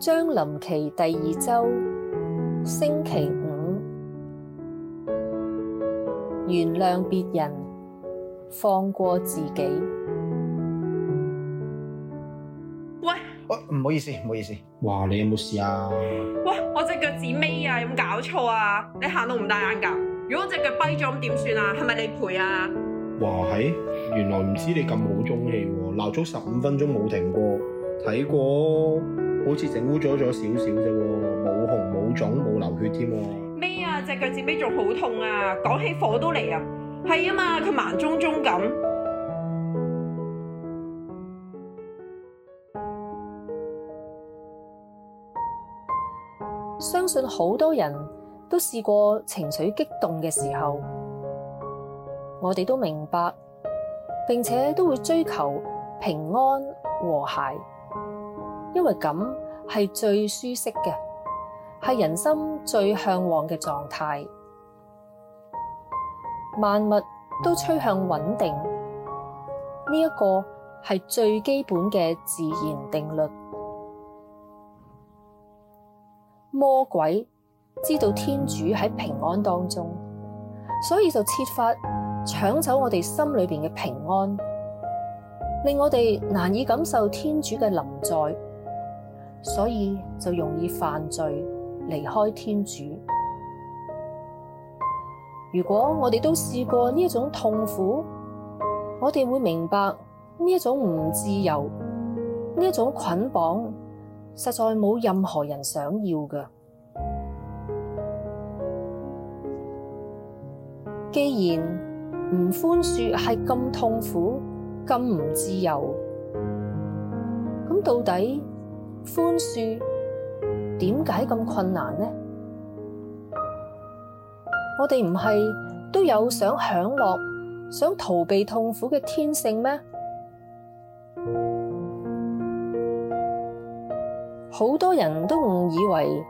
將臨期第二周星期五，原諒別人，放過自己。喂，誒，唔好意思，唔好意思。哇，你有冇事啊？哇，我隻腳趾尾啊，有冇搞錯啊？你行路唔帶眼㗎？如果我隻腳跛咗，咁點算啊？係咪你賠啊？哇嘿，原來唔知你咁好中氣，鬧足十五分鐘冇停過，睇過。好似整污咗咗少少啫喎，冇紅冇腫冇流血添喎。咩啊？隻腳趾尾仲好痛啊！講起火都嚟啊！係啊嘛，佢盲中中咁。相信好多人都試過情緒激動嘅時候，我哋都明白，並且都會追求平安和諧。因為咁係最舒適嘅，係人心最向往嘅狀態。萬物都趨向穩定，呢一個係最基本嘅自然定律。魔鬼知道天主喺平安當中，所以就設法搶走我哋心裏邊嘅平安，令我哋難以感受天主嘅臨在。所以就容易犯罪，離開天主。如果我哋都試過呢一種痛苦，我哋會明白呢一種唔自由，呢一種捆綁實在冇任何人想要嘅。既然唔寬恕係咁痛苦、咁唔自由，咁到底寬恕點解咁困難呢？我哋唔係都有想享樂、想逃避痛苦嘅天性咩？好多人都誤以為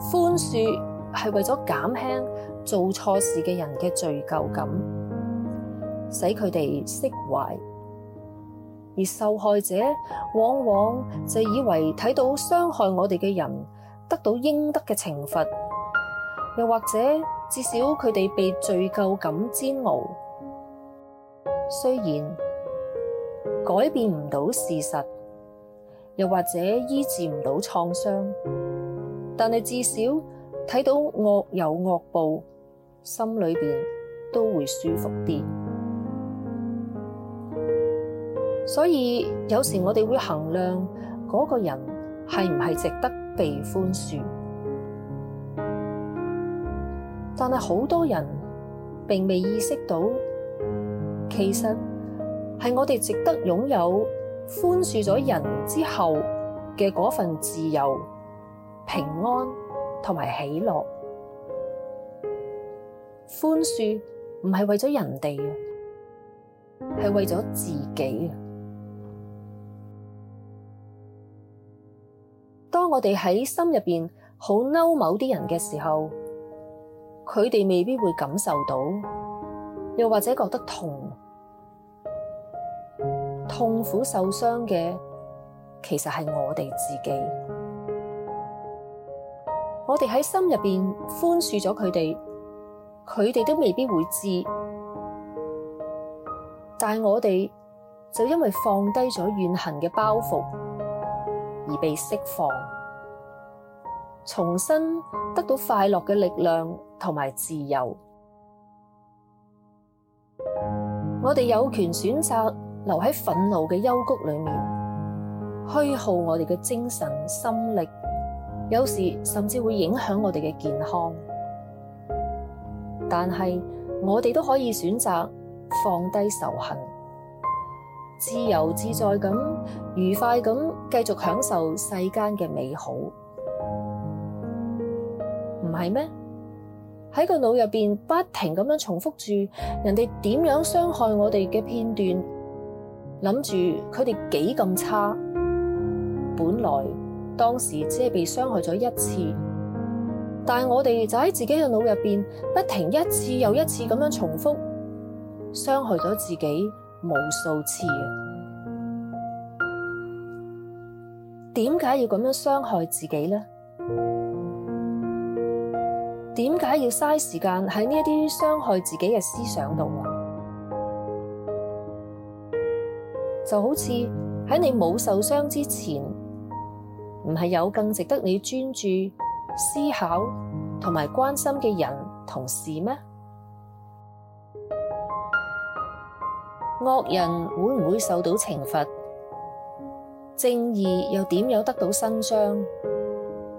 寬恕係為咗減輕做錯事嘅人嘅罪咎感，使佢哋釋懷。而受害者往往就以為睇到傷害我哋嘅人得到應得嘅懲罰，又或者至少佢哋被罪咎感煎熬。雖然改變唔到事實，又或者醫治唔到創傷，但係至少睇到惡有惡報，心裏邊都會舒服啲。所以有時我哋會衡量嗰個人係唔係值得被寬恕，但係好多人並未意識到，其實係我哋值得擁有寬恕咗人之後嘅嗰份自由、平安同埋喜樂。寬恕唔係為咗人哋啊，係為咗自己當我哋喺心入邊好嬲某啲人嘅時候，佢哋未必會感受到，又或者覺得痛，痛苦受傷嘅其實係我哋自己。我哋喺心入邊寬恕咗佢哋，佢哋都未必會知，但係我哋就因為放低咗怨恨嘅包袱。而被釋放，重新得到快樂嘅力量同埋自由。我哋有權選擇留喺憤怒嘅幽谷裏面，虛耗我哋嘅精神心力，有時甚至會影響我哋嘅健康。但係我哋都可以選擇放低仇恨。自由自在咁，愉快咁繼續享受世間嘅美好，唔係咩？喺個腦入邊不停咁樣重複住人哋點樣傷害我哋嘅片段，諗住佢哋幾咁差。本來當時只係被傷害咗一次，但係我哋就喺自己嘅腦入邊不停一次又一次咁樣重複傷害咗自己。無數次啊！點解要咁樣傷害自己呢？點解要嘥時間喺呢一啲傷害自己嘅思想度啊？就好似喺你冇受傷之前，唔係有更值得你專注思考同埋關心嘅人同事咩？惡人會唔會受到懲罰？正義又點樣得到伸張？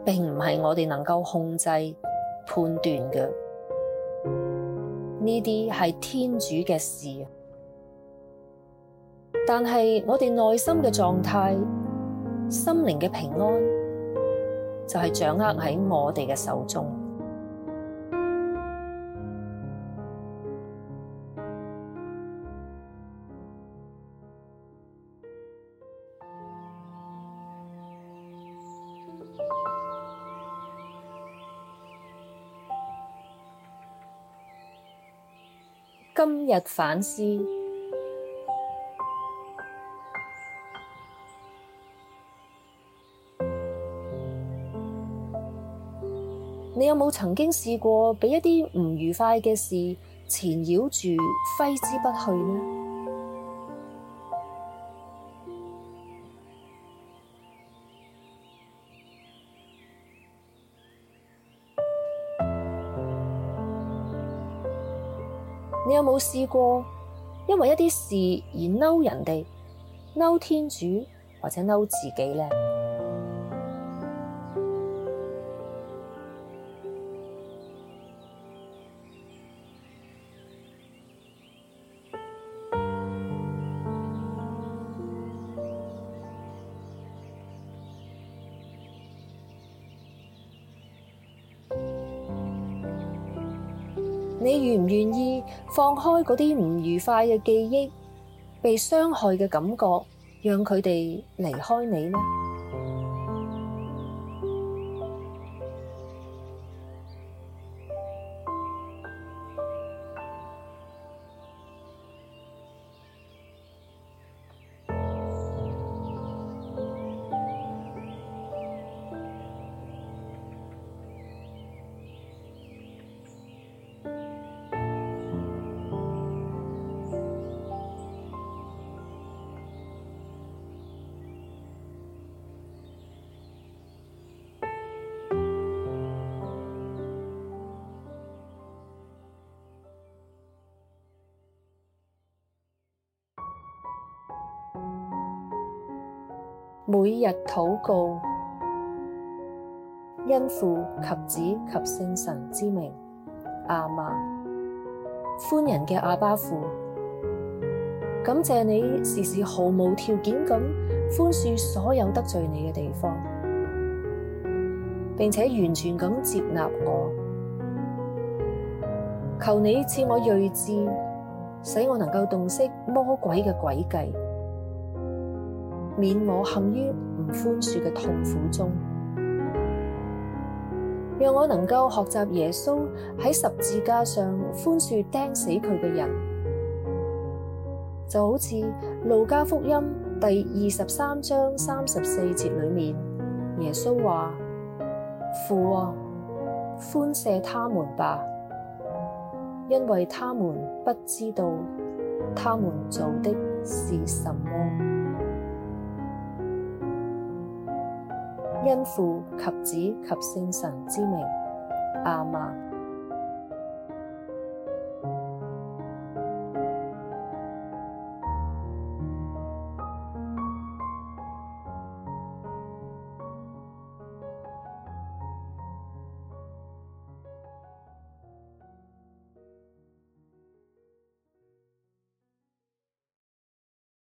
並唔係我哋能夠控制判斷嘅，呢啲係天主嘅事。但係我哋內心嘅狀態、心靈嘅平安，就係、是、掌握喺我哋嘅手中。今日反思，你有冇曾經試過俾一啲唔愉快嘅事纏繞住，揮之不去呢？你有冇試過因為一啲事而嬲人哋、嬲天主或者嬲自己呢？你願唔願意放開嗰啲唔愉快嘅記憶，被傷害嘅感覺，讓佢哋離開你呢？每日禱告，因父及子及聖神之名，亞孟。寬仁嘅阿爸父，感謝你時時毫無條件咁寬恕所有得罪你嘅地方，並且完全咁接納我。求你賜我睿智，使我能夠洞悉魔鬼嘅詭計。免我陷於唔寬恕嘅痛苦中，讓我能夠學習耶穌喺十字架上寬恕釘死佢嘅人，就好似路加福音第二十三章三十四節裏面耶穌話：父啊，寬赦他們罷，因為他們不知道他們做的是什麼。因父及子及聖神之名，阿們。